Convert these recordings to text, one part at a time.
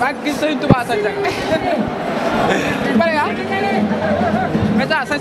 maa ngi gis Serigne Touba sañ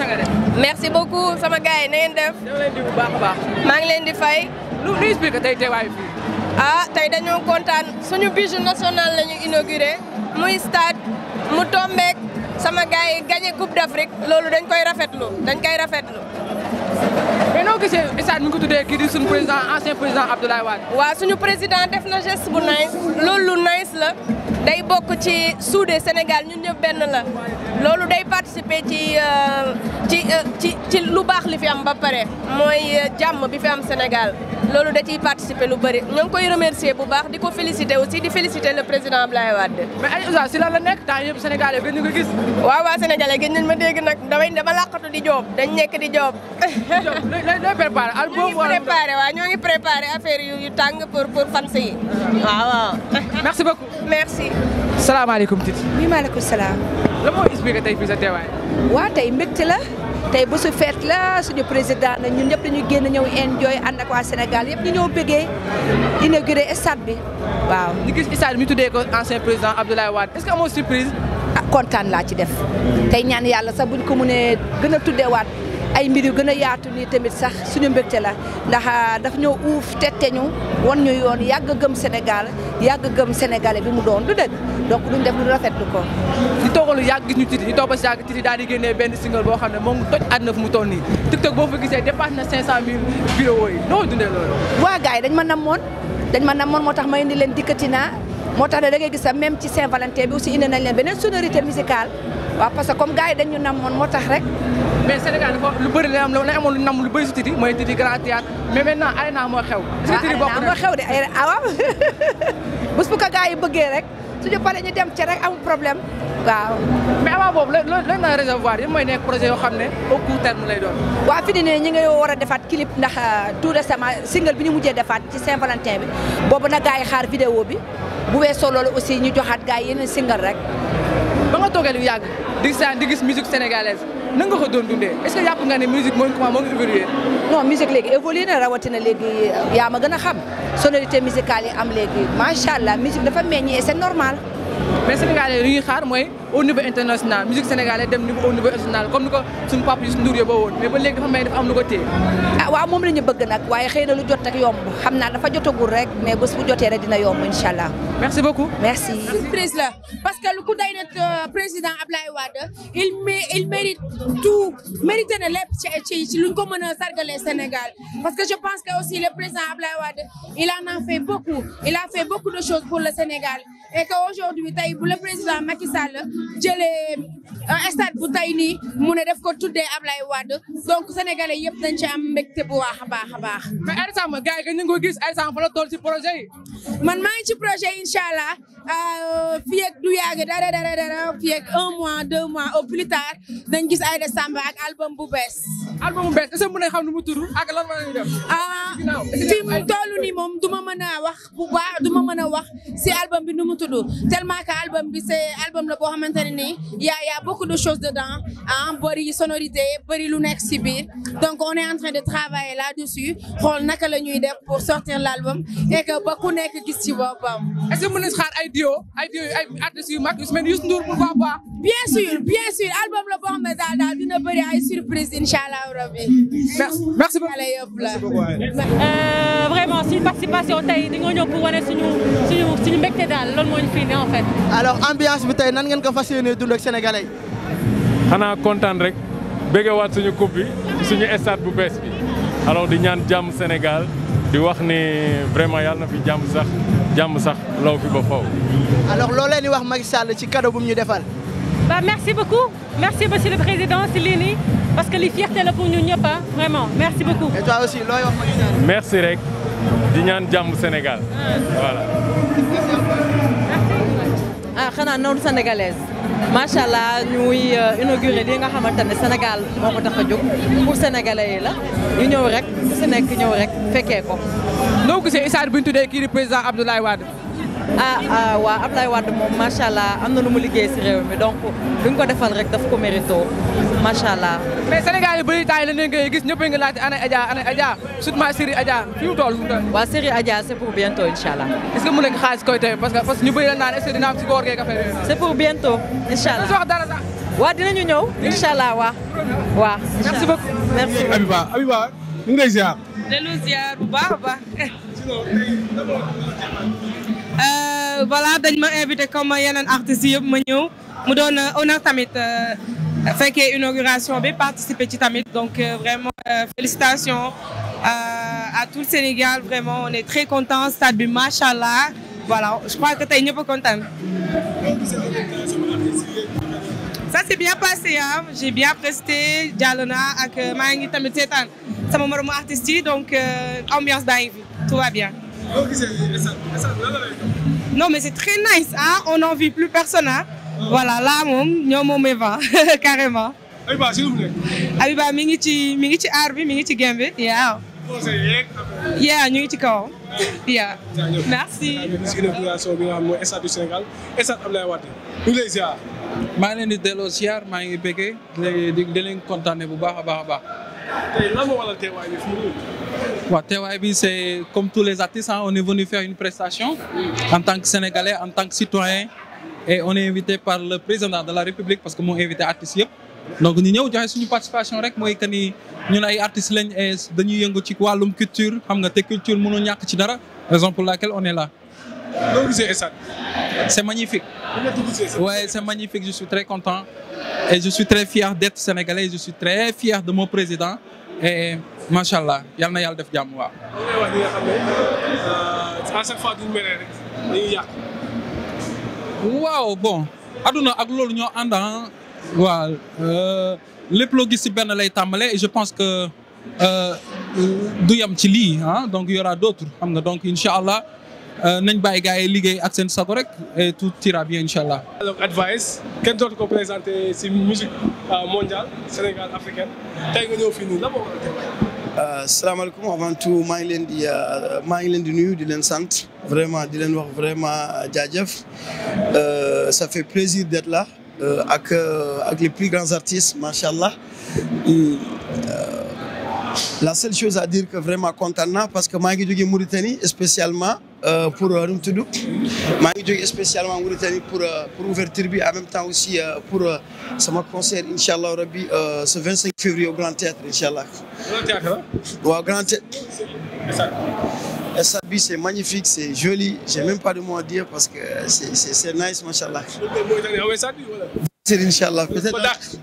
sax merci beaucoup sama gars yi na ngeen maa ngi leen di fay. lu lu expliqué tey teewaayu fii. ah tey dañoo kontaan suñu bijou national la ñu inauguré muy mu tombeek sama gars yi gagné coupe d'Afrique loolu dañ koy rafetlu dañ koy rafetlu. mais noo gisee stade mi ngi ko tuddee kii di suñu président ancien président Abdoulaye Wade. waaw suñu président def na geste bu nice loolu lu nice la. day bokk ci suude Sénégal ñun ñëpp benn la loolu day participer ci euh, ci euh, ci ci lu baax li fi am ba pare mooy euh, jàmm bi fi am Sénégal loolu da ciy participer lu bari ñoo koy remercier bu baax di ko féliciter aussi di féliciter le président Abdoulaye Wade. mais ay si la nekk temps yëpp sénégalais gën ñu ko gis. waaw waaw sénégalais gën nañ ma dégg nag damay dama làqatu di joob dañ nekk di joob. looy préparé album wala préparé waaw ñoo ngi préparé affaire yu tàng pour pour fans yi waaw waaw. salaamaaleykum Titi. mi maaleykum salaam. lan moo inspiré tey fii teewaay. waa tey mbégte la tey bésu fête la suñu président na ñun ñëpp dañu génn ñëw enjoy ànd ak waa Sénégal yëpp ñu ñëw bëggee inauguré stade bi waaw. ñu gis stade bi ñu tuddee ko ancien président Abdoulaye Wade est-ce que amoo surprise. ah kontaan laa ci def tey ñaan yàlla sax buñ ko mënee gën a tuddee waat. ay mbir yu gën a yaatu nii tamit sax suñu mbégte la ndax ah, daf ñoo uuf tette ñu wan ñu yoon yàgg gëm Sénégal yàgg gëm sénégalais bi mu doon du dëgg donc duñ def lu rafetlu ko. ñu toogal yàgg gis ñu titi ñu toog ba si yàgg titi daal di génnee benn single boo xam ne moom toj àdduna fu mu toll nii TikTok boo fa gisee dépassé na 500000 vidéo yi noo dundee loolu. waa gars yi dañ ma namoon dañ ma namoon moo tax ma indi leen dikkati naa moo tax ne da ngay gis sax même ci Saint-Valentin bi aussi indi nañ leen beneen sonorité musicale waaw parce que comme gars moo tax rek. mais Sénégal dafa lu bëri la am la amoon lu nam lu bëri si Titi mooy Titi grand théâtre mais maintenant Arena moo xew. Ah, est na moo xew de ah, waaw bés bu ko gars yi bëggee rek suñu paree ñu dem ci rek problème waaw. mais avant boobu lan lan la réservoir yi mooy nekk projet yoo xam ne au court terme lay doon. waaw fi ni ne ñi nga war a defaat clip ndax euh, tout récemment single bi ñu mujjee defaat ci Saint-Valentin bi boobu na gars yi xaar vidéo bi bu weesoo loolu aussi ñu joxaat gars yi yeneen single rek. nga toogee lu yàgg di saan di gis musique sénégalaise. nan nga ko doon dundee est-ce que yàpp nga ne musique mooy comment moo ngi évoluer non musique léegi évoluer na rawatina léegi yaa ma gën a xam sonorité musicale am léegi macha allah musique dafa meññi et c'est normal mais sénégalais li ñuy xaar mooy au niveau international musique sénégalaise dem niveau au niveau international comme ni ko suñu papa Youssou Ndour yóbboo woon mais ba léegi dafa may dafa am lu ko téye ah waaw moom la ñu bëgg nag waaye xëy na lu jot ak yomb xam naa dafa jotagul rek mais bés bu jotee rek dina yomb incha merci beaucoup merci parce que lu ku day nag euh, président Ablaye Wade il il mérite tout mérité na lépp ci ci lu luñ ko mën a sargalee Sénégal parce que je pense que aussi le président a fait beaucoup il a fait beaucoup wi tey bu le président Macky Sall jëlee euh, stade bu tey nii mu ne def ko tuddee Ablaye Wade donc sénégalais yëpp nañ ci am mbégte bu baax a baax a baax. mais Aïda Samb gars yi ñu ngi ko gis Aïda Samb fa la toll ci projet yi. man maa ngi ci projet incha allah euh, fii ak du yàgg dara dara dara fii ak un mois deux mois au plus tard dañ gis Aïda Samb ak album bu bees. album bu bees est-ce xam nu mu tudd ak la ñuy ah fi mu toll nii moom du ma mën a wax bu baax du ma mën a wax si album bi nu mu tudd tellement que album bi c'est album la boo xamante ne nii y' a y' a de choses dedans ah bëri sonorité bëri lu nekk si biir donc on est en train de travailler là-dessus xool naka la ñuy de pour sortir l'album et que ba ku nekk gis ci boppam. est-ce que ay duo ay duo ay artistes yu mag yu mel ni Youssou Ndour pourquoi pas. bien sûr bien sûr album la boo xam ne dina bëri ay surprise incha merci merci beaucoup. Euh, vraiment suñu participation tey dañoo ñëw pour wane suñu suñu suñu mbégte daal loolu moo ñu fi ne en fait. alors ambiance bi tey nan ngeen ko fas yéenee dund ak sénégalais yi. xanaa kontaan rek béggewaat suñu coupe bi suñu stade bu bees bi alors di ñaan jàmm Sénégal di wax ni vraiment yàlla na fi jàmm sax jàmm sax law fi ba faw alors loo leen di wax Macky Sall ci cadeau bu mu ñu defal. waaw merci beaucoup merci monsieur le président si lii nii parce que li fierté la pour ñun ñëpp ah vraiment merci beaucoup. et merci rek di ñaan jàmb Sénégal voilà. ah xanaa noonu sénégalaise macha allah ñuy euh, inauguré li nga xamante ne Sénégal moo ko tax a jóg pour sénégalais yi la ñu ñëw rek ku si nekk ñëw rek fekkee ko. noo gisee isaar bi ñu tuddee kii di président Abdoulaye Wade. Ah, ah waa Ablaye Wade moom macha allah am na lu mu liggéey si réew mi donc duñ ko defal rek daf ko mérito macha allah. mais Sénégal yi bëri taay la ne ngay gis ñëpp a ngi laajte ana Adja ana Adja surtout série Adja fi mu toll. waaw série Adja c'est pour bientôt incha allah. est-ce que mën nga xaalis koy tey parce que parce que ñu bëri la naan est-ce que dina am si góor gee café c'est pour bientôt incha allah wax dara sax. waa dinañu ñëw incha allah waa. waa merci beaucoup merci. Abiba Abiba ñu ngi lay ziar. delloo ziar bu baax a baax. Euh, voilà dañ ma invité comme yeneen artistes yëpp ma ñëw mu doon euh, honneur tamit euh, fekkee inauguration bi participer ci tamit donc vraiment félicitations à tout le Sénégal vraiment on est très content stade bi macha allah voilà je crois que tey ñëpp a kontaan. ça s'est bien passé ah j'ai bien presté jàll naa ak maa ngi tamit seetaan sama moromu artistes yi donc ambiance daa ngi fi tout va bien. non mais c'est très nice ah on n'en vit plus personne ah. voilà là moom ñoo moom Eva carrément. Abiba si Abiba mi ngi ci mi ngi ci aar bi mi ngi ci game bi waaw. yaa ñu ngi ci kawam. yaa merci. population bi nga xam mooy État du Sénégal État Abdoulaye Wade ñu ngi lay ziar. maa ngi leen di delloo ziar maa ngi békkee di leen kontaanee bu baax a baax a baax. tey lan moo waral teewaay bi fii waaw teewaay bi c'est comme tous les artistes hein, on est venu faire une prestation en tant que sénégalais en tant que citoyen et on est invité par le président de la république parce que moo invité artistes yëpp donc ñu ñëw joxe suñu participation rek mooy que ni ñun ay artistes lañ et yëngu ci wàllum culture xam nga te culture mënu ñàkk ci dara raison pour laquelle on est là. noo gisee stade bi. c'est magnifique. waaye c'est magnifique je suis très content et je suis très fier d'être sénégalais je suis très fier de mon président macha allah yal na yàlla def jàmm waaw. li nga xam ne chaque fois duñ meree rek dañuy yàq. waaw bon aduna ak loolu ñoo ànd ah. waaw euh, lépp loo gis ci benn lay tàmbale et je pense que euh, du yam ci lii ah donc y aura d'autres xam nga donc incha allah euh, nañ bàyyi gars yi liggéey ak seen sago rek et tout ira bien incha allah. Advice kenn dootu ko présenté musique mondiale Sénégal africaine tey nga ñëw fii Euh, salaamaaleykum avant tout maa ngi leen di euh, maa ngi leen di nuyu di leen sant vraiment di leen wax vraiment euh, jaajëf ça fait plaisir d'être la ak ak les plus grands artistes macha allah. Hmm, la seule chose à dire que vraiment kontaan parce que maa ngi jógee Mauritanie spécialement pour nu mu maa ngi jógee spécialement Mauritanie pour pour ouverture bi en même temps aussi pour sama concert incha allah rabbi ce 25 février au Grand Théâtre incha waaw grand stade bi c'est magnifique c'est joli j'ai même pas de mot à dire parce que euh, c'est c'est c'est nice machallah incha allah peut-être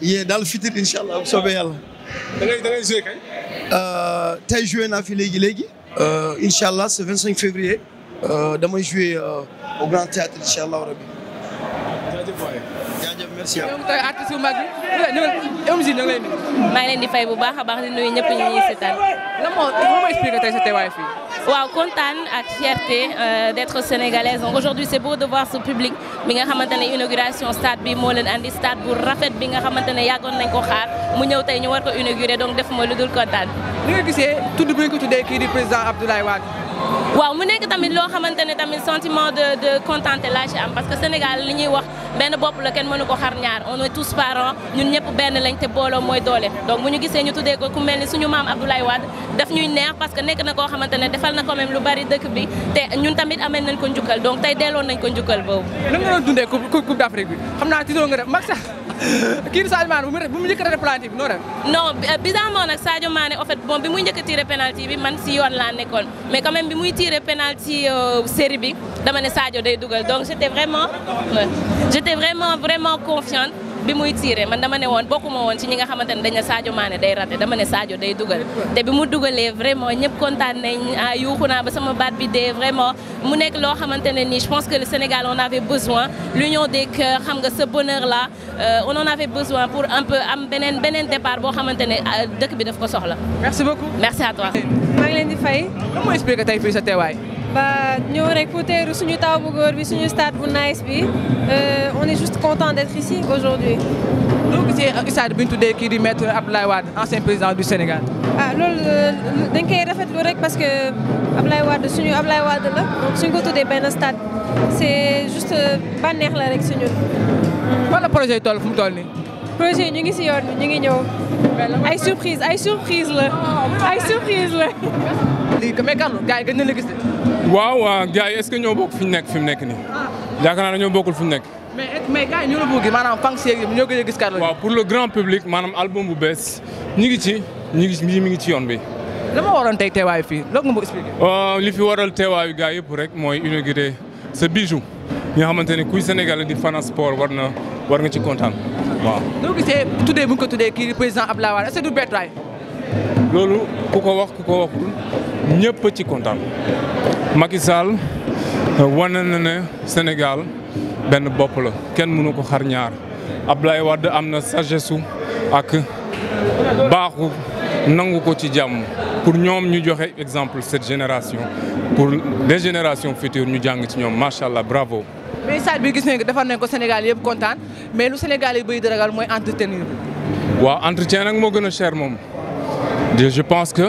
yee daal fitir incha allah bu soobee yàlla. da ngay da euh, fi léegi léegi. Euh, incha allah ce vingt cinq février. damay joué au Grand Théâtre incha allah rabbi merci beaucoup tey artiste maa ngi leen di fay bu baax a baax di nuyu ñëpp ñu ngi seetaan. lan moo kontaan ak fierté euh, d'être sénégalaise donc aujourd'hui c'est boo de voir ce bi nga xamante ne inauguration stade bi moo leen andi stade bu rafet bi nga xamante ne yàggoon nañ ko xaar mu ñëw tey ñu war ko inaugurer donc def moo lu dul kontaan. ni nga gisee tudd bi nga ko tuddee kii di président Abdoulaye Wade. waaw mu nekk tamit loo xamante ne tamit sentiment de de contenté am parce que Sénégal li ñuy wax benn bopp la kenn mënu ko xar ñaar on est tous parents ñun ñëpp benn lañ te booloo mooy doole donc bu ñu gisee ñu tuddee ko ku mel ni suñu maam Abdoulaye Wade daf ñuy neex parce que nekk na koo xamante ne defal na quand lu bari dëkk bi te ñun tamit amel nañ ko njukkal donc tey delloon nañ ko njukkal boobu. lan nga doon dundee coupe coupe d'Afrique bi xam naa tiitoon nga def kii di Sadio Mané bu mu bu mu njëkk a raté bi noo def. non euh, bizarrement nag Sadio Mané en fait bon bi mu njëkk a tiré penalty bi man si yoon laa nekkoon mais quand même bi muy tiré penalty euh, série bi dama ne Sadio day dugal donc j' étais vraiment j' étais vraiment vraiment confiante. bi muy tiire man dama ne woon bokkuma woon ci ñi nga xamante ne dañ ne Sadio Mané day raté dama ne day dugal te bi mu dugale vraiment ñëpp kontaan nañ ah, yuuxu naa ba sama baat bi dee vraiment mu nekk loo xamante ne nii je pense que le Sénégal on avait besoin l'union des cœurs xam nga sa bonheur la euh, on en avait besoin pour un peu am beneen beneen départ boo xamante ne ah, dëkk bi daf ko soxla. merci beaucoup merci à toi. maa leen di fay. lan moo expliqué tey fii sa teewaay. ba ñëw rek pour teeru suñu taw bu góor bi suñu stade bu nice bi euh, on est juste content d'être ici aujourd'hui donc gisee stade bi ñu tuddee kii di maître Abdoulaye Wade ancien président du Sénégal ah loolu euh, dañ koy rafetlu rek parce que Abdoulaye Wade suñu Abdoulaye Wade la donc suñ ko tuddee benn stade c'est juste euh, bànneex la rek suñu wala projet yi toll fu mu tol nii projet ñu ngi si yoon ñu ngi ñëw ay surprise ay surprise la ay surprise la lii mais Carlou gars yi gën na la gis waaw gars yi est ce que ñoo bokk fi nekk fi mu nekk nii. Ah. yaakaar naa ne ñoo bokkul fi mu nekk. mais eh, mais gars yi ñu la bëgg maanaam fan si yéen ñoo gën gis kàddu waaw pour le grand public maanaam album bu bees ñi ngi ci ñi ngi mi ngi ci yoon bi. la ma waroon tey teewaayu fii loolu nga oh, li fi waral teewaayu gars yëpp rek mooy inauguré sa bijou nga xamante ne kuy Sénégal di fan sport war na war nga ci kontaan waaw. noo gisee tuddee bu ñu ko kii président ab Wade est-ce du bettaay. loolu ku ko wax ku ko waxul ñëpp ci kontaan Macky Sall euh, wane na ne Sénégal benn bopp la kenn mënu ko xar ñaar Abdoulaye Wade am na sagesse ak baaxu nangu ko ci jàmm pour ñoom ñu joxe exemple cette génération pour les générations futures ñu jàng ci ñoom macha allah bravo. mais stade bi gis nañu ko defar nañu ko Sénégal yëpp kontaan mais lu Sénégal yi bëri di mooy entretenir. waaw entretien nag moo gën a cher moom je pense que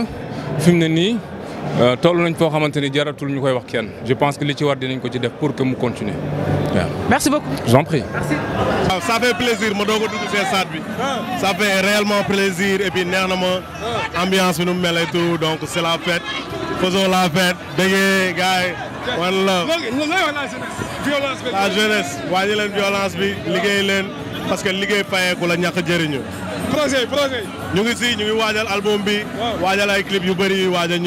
fi mu ne nii. Euh, toll nañ foo xamante ni jaratul ñu koy wax kenn je pense que li ci war dinañ ko ci def pour que mu continuer waaw. merci beaucoup j'en prie. merci. waaw plaisir ma doog a dugg see stade bi ça fait réellement plaisir et neex na ma ambiance bi nu mu mel et tout donc c'est la fête faisons la fête déggee gars yi wan la jeunesse wàññi leen violence bi liggéey leen parce que liggéey fayeeku la ñàkk jëriñu. projet projet ñu ngi si ñu ngi album bi. waajal a clip yu bëri waaj a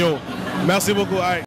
merci beaucoup ay